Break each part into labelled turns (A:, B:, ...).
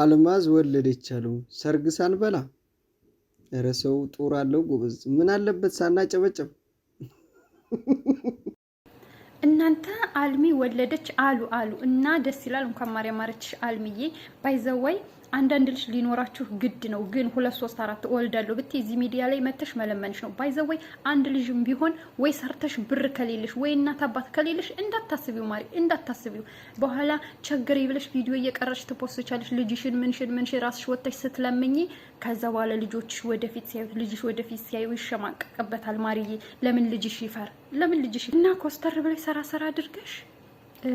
A: አልማዝ ወለደች አሉ ሰርግ ሳንበላ። እረ ሰው ጦር አለው ጎበዝ። ምን አለበት ሳናጨበጨብ።
B: እናንተ አልሚ ወለደች አሉ አሉ እና ደስ ይላል። እንኳን ማርያም ማረችሽ አልሚዬ ባይዘወይ አንዳንድ ልጅ ሊኖራችሁ ግድ ነው። ግን ሁለት ሶስት አራት እወልዳለሁ ብትይ እዚህ ሚዲያ ላይ መተሽ መለመንሽ ነው። ወይ አንድ ልጅም ቢሆን ወይ ሰርተሽ ብር ከሌለሽ ወይ እናት አባት ከሌለሽ እንዳታስቢው ማሪ እንዳታስቢው። በኋላ ቸገሬ ብለሽ ቪዲዮ እየቀረሽ ትፖስቻለሽ ልጅሽን ምንሽን ምንሽ ራስሽ ወጥተሽ ስትለምኝ። ከዛ በኋላ ልጆችሽ ወደፊት ሲያዩት ልጅሽ ወደፊት ሲያዩ ይሸማቀቅበታል። ማርዬ ለምን ልጅሽ ይፈር ለምን ልጅሽ እና ኮስተር ብለሽ ሰራ ሰራ አድርገሽ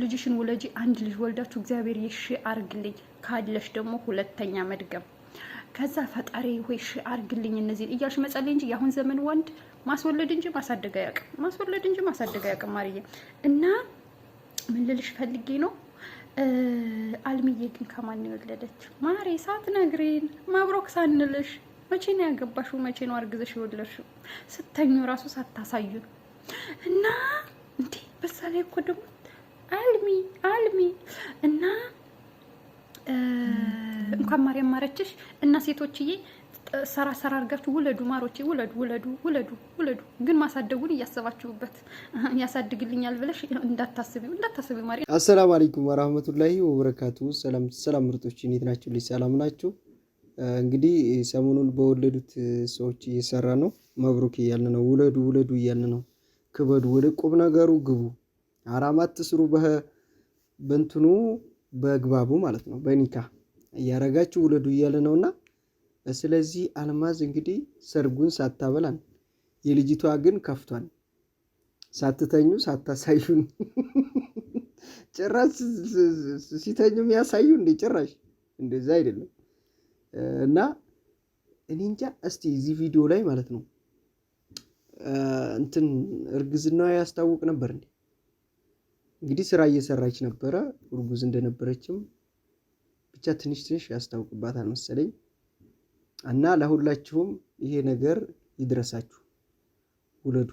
B: ልጅሽን ወለጂ። አንድ ልጅ ወልዳችሁ እግዚአብሔር የሺ አርግልኝ ካለሽ ደግሞ ሁለተኛ መድገም ከዛ ፈጣሪ ሆይ ሺ አርግልኝ እነዚህ እያልሽ መጸለይ እንጂ የአሁን ዘመን ወንድ ማስወለድ እንጂ ማሳደግ አያውቅም። ማስወለድ እንጂ ማሳደግ አያውቅም። ማርዬ እና ምን ልልሽ ፈልጌ ነው አልሚዬ ግን ከማን የወለደች ማሬ ሳትነግሪን ማብሮክ ሳንልሽ መቼ ነው ያገባሽው? መቼ ነው አርግዘሽ የወለድሽው? ስተኙ ራሱ ሳታሳዩን እና እንዴ በዛ ላይ እኮ ደግሞ አልሚ አልሚ እና እንኳን ማርያም ማረችሽ እና ሴቶችዬ ሰራ ሰራ አድርጋችሁ ውለዱ ማሮቼ፣ ውለዱ ውለዱ ውለዱ ውለዱ። ግን ማሳደጉን እያሰባችሁበት ያሳድግልኛል ብለሽ እንዳታስቢ
C: እንዳታስቢ ማሪ አሰላሙ አለይኩም ወራህመቱላሂ ወበረካቱ። ሰላም ሰላም፣ ምርጦች እንዴት ናችሁ? ልጅ ሰላም ናችሁ? እንግዲህ ሰሞኑን በወለዱት ሰዎች እየሰራ ነው። መብሩክ እያልን ነው። ውለዱ ውለዱ እያልን ነው። ክበዱ፣ ወደ ቁም ነገሩ ግቡ። አራማት ትስሩ በህ በእንትኑ በግባቡ ማለት ነው። በኒካ እያረጋችሁ ውለዱ እያለ ነው እና ስለዚህ አልማዝ እንግዲህ ሰርጉን ሳታበላን የልጅቷ ግን ከፍቷን ሳትተኙ ሳታሳዩን ጭራሽ ሲተኙ የሚያሳዩ እንዴ ጭራሽ እንደዛ አይደለም። እና እኔ እንጃ እስቲ እዚህ ቪዲዮ ላይ ማለት ነው እንትን እርግዝናዋ ያስታውቅ ነበር እንዴ? እንግዲህ ስራ እየሰራች ነበረ። እርጉዝ እንደነበረችም ብቻ ትንሽ ትንሽ ያስታውቅባታል መሰለኝ እና ለሁላችሁም ይሄ ነገር ይድረሳችሁ። ውለዱ።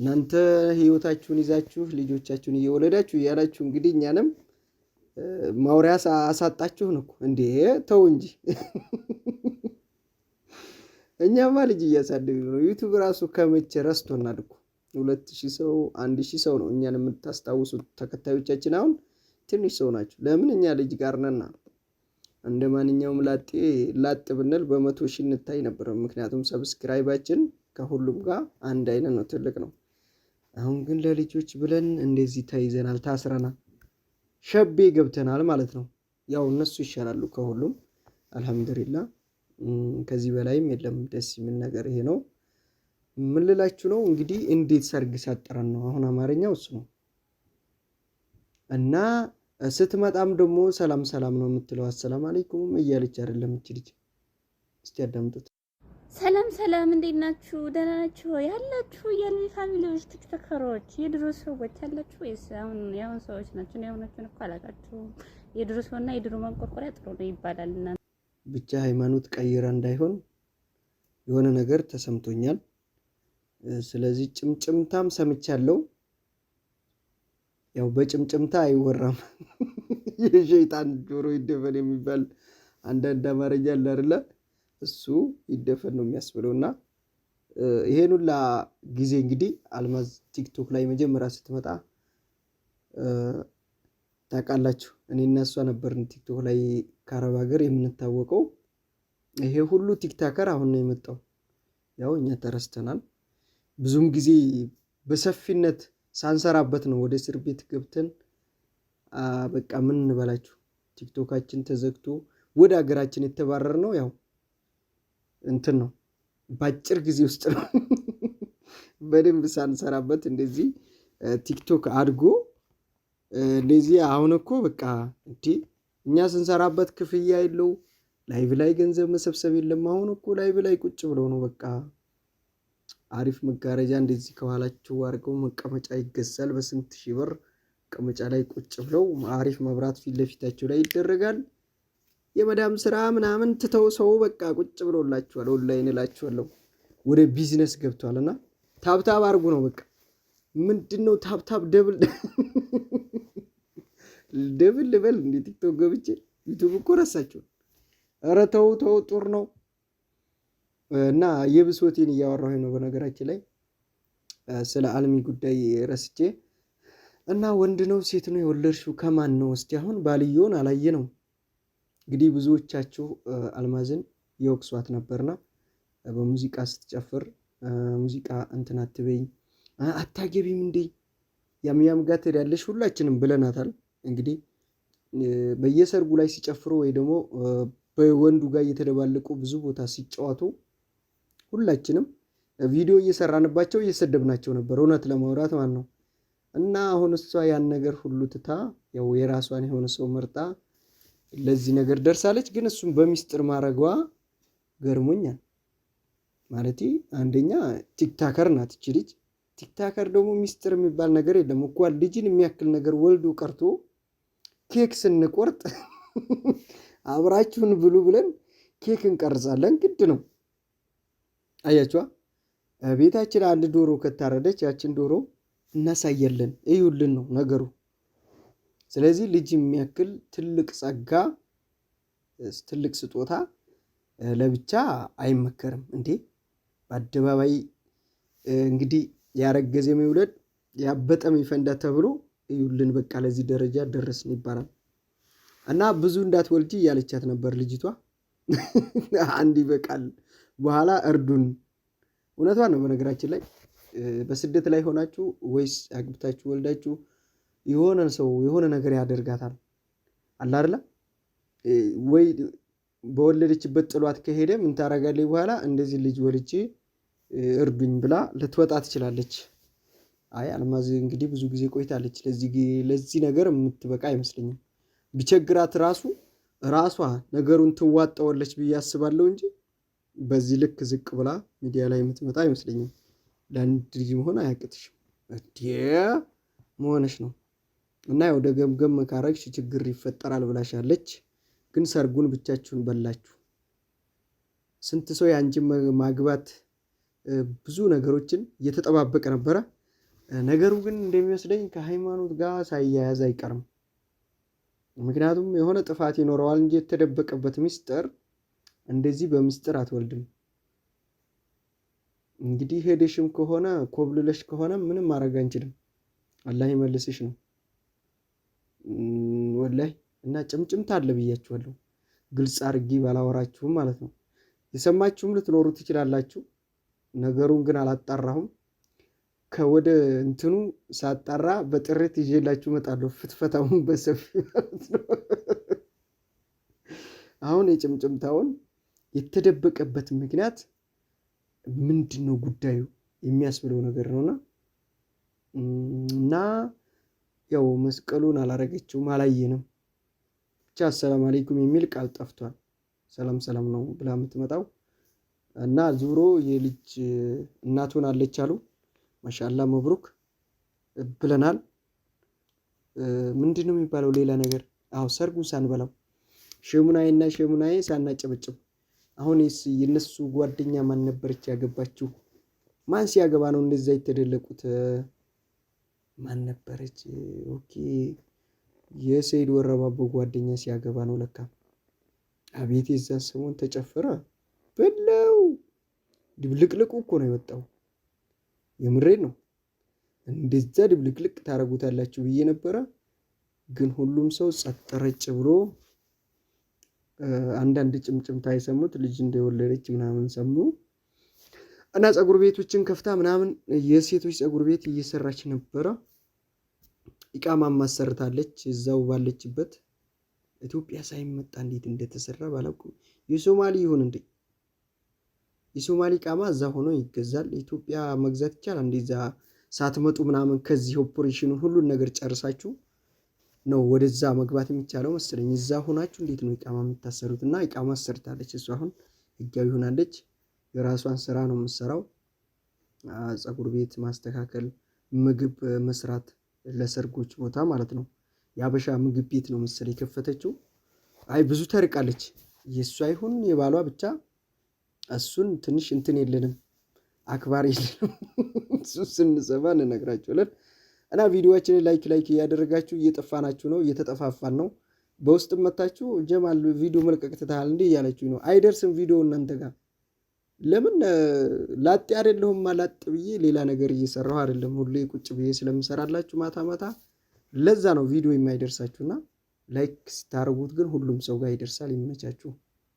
C: እናንተ ህይወታችሁን ይዛችሁ ልጆቻችሁን እየወለዳችሁ እያላችሁ እንግዲህ እኛንም ማውሪያ አሳጣችሁ ነው እንዴ! ተው እንጂ እኛማ ልጅ እያሳደግ ነው። ዩቱብ ራሱ ከመቼ ረስቶናል እኮ ሁለት ሺህ ሰው አንድ ሺህ ሰው ነው እኛን የምታስታውሱት። ተከታዮቻችን አሁን ትንሽ ሰው ናቸው። ለምን እኛ ልጅ ጋር ነና እንደ ማንኛውም ላጤ ላጥ ብንል በመቶ ሺህ እንታይ ነበር። ምክንያቱም ሰብስክራይባችን ከሁሉም ጋር አንድ አይነት ነው፣ ትልቅ ነው። አሁን ግን ለልጆች ብለን እንደዚህ ተይዘናል፣ ታስረናል፣ ሸቤ ገብተናል ማለት ነው። ያው እነሱ ይሻላሉ ከሁሉም አልሐምዱሊላ። ከዚህ በላይም የለም። ደስ የሚል ነገር ይሄ ነው። የምልላችሁ ነው እንግዲህ እንዴት ሰርግ ሰጥረን ነው። አሁን አማርኛው እሱ ነው እና ስትመጣም ደግሞ ሰላም ሰላም ነው የምትለው። አሰላም አለይኩም እያለች አይደለም ልጅ እስቲ አዳምጡት
D: ሰላም ሰላም፣ እንዴት ናችሁ? ደህና ናችሁ ያላችሁ የኔ ፋሚሊዎች፣ ቲክቶከሮች፣ የድሮ ሰዎች ያላችሁ ወይስ አሁን የአሁን ሰዎች ናችሁ? የአሁናችሁን እኮ አላውቃችሁም። የድሮ ሰውና የድሮ ማንቆርቆሪያ ጥሩ ነው ይባላል።
C: እና ብቻ ሃይማኖት ቀይራ እንዳይሆን የሆነ ነገር ተሰምቶኛል። ስለዚህ ጭምጭምታም ሰምቻለሁ። ያው በጭምጭምታ አይወራም የሸይጣን ጆሮ ይደፈን የሚባል አንዳንድ አማርኛ አለ አይደለ? እሱ ይደፈን ነው የሚያስብለው እና ይሄን ሁላ ጊዜ እንግዲህ አልማዝ ቲክቶክ ላይ መጀመሪያ ስትመጣ ታውቃላችሁ፣ እኔ እና እሷ ነበርን ቲክቶክ ላይ ከአረብ ሀገር የምንታወቀው። ይሄ ሁሉ ቲክታከር አሁን ነው የመጣው። ያው እኛ ተረስተናል። ብዙም ጊዜ በሰፊነት ሳንሰራበት ነው ወደ እስር ቤት ገብተን በቃ ምን እንበላችሁ ቲክቶካችን ተዘግቶ ወደ ሀገራችን የተባረር ነው። ያው እንትን ነው በአጭር ጊዜ ውስጥ ነው። በደንብ ሳንሰራበት እንደዚህ ቲክቶክ አድጎ እንደዚህ አሁን እኮ በቃ እንዴ እኛ ስንሰራበት ክፍያ የለው ላይቭ ላይ ገንዘብ መሰብሰብ የለም። አሁን እኮ ላይቭ ላይ ቁጭ ብለው ነው በቃ አሪፍ መጋረጃ እንደዚህ ከኋላቸው አድርገው መቀመጫ ይገዛል። በስንት ሺህ ብር መቀመጫ ላይ ቁጭ ብለው አሪፍ መብራት ፊት ለፊታቸው ላይ ይደረጋል። የመዳም ስራ ምናምን ትተው ሰው በቃ ቁጭ ብሎላችኋል። ኦንላይን እላችኋለሁ ወደ ቢዝነስ ገብቷል እና ታብታብ አድርጉ ነው በቃ ምንድን ነው ታብታብ ደብል ደብል ልበል እንደ ቲክቶክ ገብቼ ዩቱብ እኮ ረሳችሁን። ኧረ ተው ተው ጡር ነው። እና የብሶቴን እያወራሁኝ ነው በነገራችን ላይ ስለ አልሚ ጉዳይ ረስቼ እና ወንድ ነው ሴት ነው የወለድሽው ከማን ነው? እስቲ አሁን ባልየውን አላየ ነው እንግዲህ ብዙዎቻችሁ አልማዝን የወቅሷት ነበርና በሙዚቃ ስትጨፍር ሙዚቃ እንትን አትበይኝ አታገቢም እንዴ ያምያም ጋር ትሄዳለሽ ሁላችንም ብለናታል። እንግዲህ በየሰርጉ ላይ ሲጨፍሩ ወይ ደግሞ በወንዱ ጋር እየተደባለቁ ብዙ ቦታ ሲጫወቱ ሁላችንም ቪዲዮ እየሰራንባቸው እየሰደብናቸው ነበር፣ እውነት ለማውራት ማለት ነው። እና አሁን እሷ ያን ነገር ሁሉ ትታ ያው የራሷን የሆነ ሰው መርጣ ለዚህ ነገር ደርሳለች። ግን እሱም በሚስጥር ማድረጓ ገርሞኛል። ማለት አንደኛ ቲክታከር ናት እች ልጅ። ቲክታከር ደግሞ ሚስጥር የሚባል ነገር የለም። እንኳን ልጅን የሚያክል ነገር ወልዶ ቀርቶ ኬክ ስንቆርጥ አብራችሁን ብሉ ብለን ኬክ እንቀርጻለን፣ ግድ ነው። አያችዋ ቤታችን አንድ ዶሮ ከታረደች ያችን ዶሮ እናሳየልን እዩልን ነው ነገሩ። ስለዚህ ልጅ የሚያክል ትልቅ ጸጋ፣ ትልቅ ስጦታ ለብቻ አይመከርም እንዴ! በአደባባይ እንግዲህ ያረገዘ የሚውለድ ያበጠ የሚፈንዳ ተብሎ እዩልን፣ በቃ ለዚህ ደረጃ ደረስን ይባላል። እና ብዙ እንዳትወልጂ እያለቻት ነበር ልጅቷ። አንድ ይበቃል በኋላ እርዱን። እውነቷ ነው። በነገራችን ላይ በስደት ላይ ሆናችሁ ወይስ አግብታችሁ ወልዳችሁ የሆነ ሰው የሆነ ነገር ያደርጋታል አለ ወይ? በወለደችበት ጥሏት ከሄደ ምን በኋላ እንደዚህ ልጅ ወልጄ እርዱኝ ብላ ልትወጣ ትችላለች። አይ አልማዝ እንግዲህ ብዙ ጊዜ ቆይታለች። ለዚህ ነገር የምትበቃ አይመስለኝም። ቢቸግራት ራሱ ራሷ ነገሩን ትዋጣዋለች ብዬ አስባለሁ እንጂ በዚህ ልክ ዝቅ ብላ ሚዲያ ላይ የምትመጣ አይመስለኝም። ለአንድ ልጅ መሆን አያቅትሽም እዴ መሆንሽ ነው እና ወደ ገምገም መካረግሽ ችግር ይፈጠራል ብላሻለች። ግን ሰርጉን ብቻችሁን በላችሁ። ስንት ሰው የአንቺን ማግባት ብዙ ነገሮችን እየተጠባበቀ ነበረ። ነገሩ ግን እንደሚመስለኝ ከሃይማኖት ጋር ሳያያዝ አይቀርም። ምክንያቱም የሆነ ጥፋት ይኖረዋል እንጂ የተደበቀበት ሚስጥር እንደዚህ በምስጢር አትወልድም። እንግዲህ ሄደሽም ከሆነ ኮብልለሽ ከሆነ ምንም ማድረግ አንችልም። አላህ ይመልስሽ ነው ወላይ እና ጭምጭምታ አለ ብያችኋለሁ። ግልጽ አድርጌ ባላወራችሁም ማለት ነው። የሰማችሁም ልትኖሩ ትችላላችሁ። ነገሩን ግን አላጣራሁም። ከወደ እንትኑ ሳጣራ በጥሬት ይዤላችሁ እመጣለሁ። ፍትፈታውን በሰፊ ማለት ነው። አሁን የጭምጭምታውን የተደበቀበት ምክንያት ምንድን ነው ጉዳዩ የሚያስብለው ነገር ነውና እና ያው መስቀሉን አላረገችውም፣ አላየንም። ብቻ አሰላም አለይኩም የሚል ቃል ጠፍቷል። ሰላም ሰላም ነው ብላ የምትመጣው እና ዙሮ የልጅ እናት ሆናለች አሉ። ማሻላ መብሩክ ብለናል። ምንድን ነው የሚባለው ሌላ ነገር? አዎ ሰርጉን ሳንበላው ሸሙናዬ እና ሸሙናዬ ሳናጨበጭብ አሁንስ የነሱ ጓደኛ ማን ነበረች ያገባችው? ማን ሲያገባ ነው እንደዛ የተደለቁት? ማን ነበረች? ኦኬ የሰይድ ወረባቦ ጓደኛ ሲያገባ ነው ለካ። አቤት የዛ ሰሞን ተጨፈረ በለው። ድብልቅልቁ እኮ ነው የወጣው። የምሬ ነው። እንደዛ ድብልቅልቅ ታደርጉታላችሁ ብዬ ነበረ፣ ግን ሁሉም ሰው ጸጥ ረጭ ብሎ አንዳንድ ጭምጭምታ የሰሙት ልጅ እንደወለደች ምናምን ሰሙ እና ፀጉር ቤቶችን ከፍታ ምናምን የሴቶች ፀጉር ቤት እየሰራች ነበረ። ኢቃማ ማሰርታለች እዛው ባለችበት ኢትዮጵያ ሳይመጣ እንዴት እንደተሰራ ባላውቅም የሶማሊ ይሁን እንዴ የሶማሊ ቃማ እዛ ሆኖ ይገዛል። ኢትዮጵያ መግዛት ይቻላል። እንደዛ ሳትመጡ ምናምን ከዚህ ኦፕሬሽኑ ሁሉን ነገር ጨርሳችሁ ነው ወደዛ መግባት የሚቻለው መሰለኝ። እዛ ሆናችሁ እንዴት ነው ኢቃማ የምታሰሩት? እና ኢቃማ ሰርታለች እሱ አሁን ህጋዊ ሆናለች። የራሷን ስራ ነው የምትሰራው፣ ፀጉር ቤት ማስተካከል፣ ምግብ መስራት፣ ለሰርጎች ቦታ ማለት ነው። የአበሻ ምግብ ቤት ነው መሰለኝ የከፈተችው። አይ ብዙ ተርቃለች፣ የእሷ ይሁን የባሏ ብቻ እሱን ትንሽ እንትን የለንም አክባሪ የለንም። እሱ ስንሰማ እንነግራችኋለን። እና ቪዲዮዎችን ላይክ ላይክ እያደረጋችሁ እየጠፋናችሁ ነው፣ እየተጠፋፋን ነው። በውስጥም መታችሁ ጀማል ቪዲዮ መልቀቅ ትታል እንዲህ እያለችኝ ነው። አይደርስም ቪዲዮ እናንተ ጋር ለምን ላጤ አይደለሁም ላጥ ብዬ ሌላ ነገር እየሰራሁ አይደለም። ሁሌ ቁጭ ብዬ ስለምሰራላችሁ ማታ ማታ ለዛ ነው ቪዲዮ የማይደርሳችሁና ላይክ ስታደርጉት ግን ሁሉም ሰው ጋር ይደርሳል። ይመቻችሁ።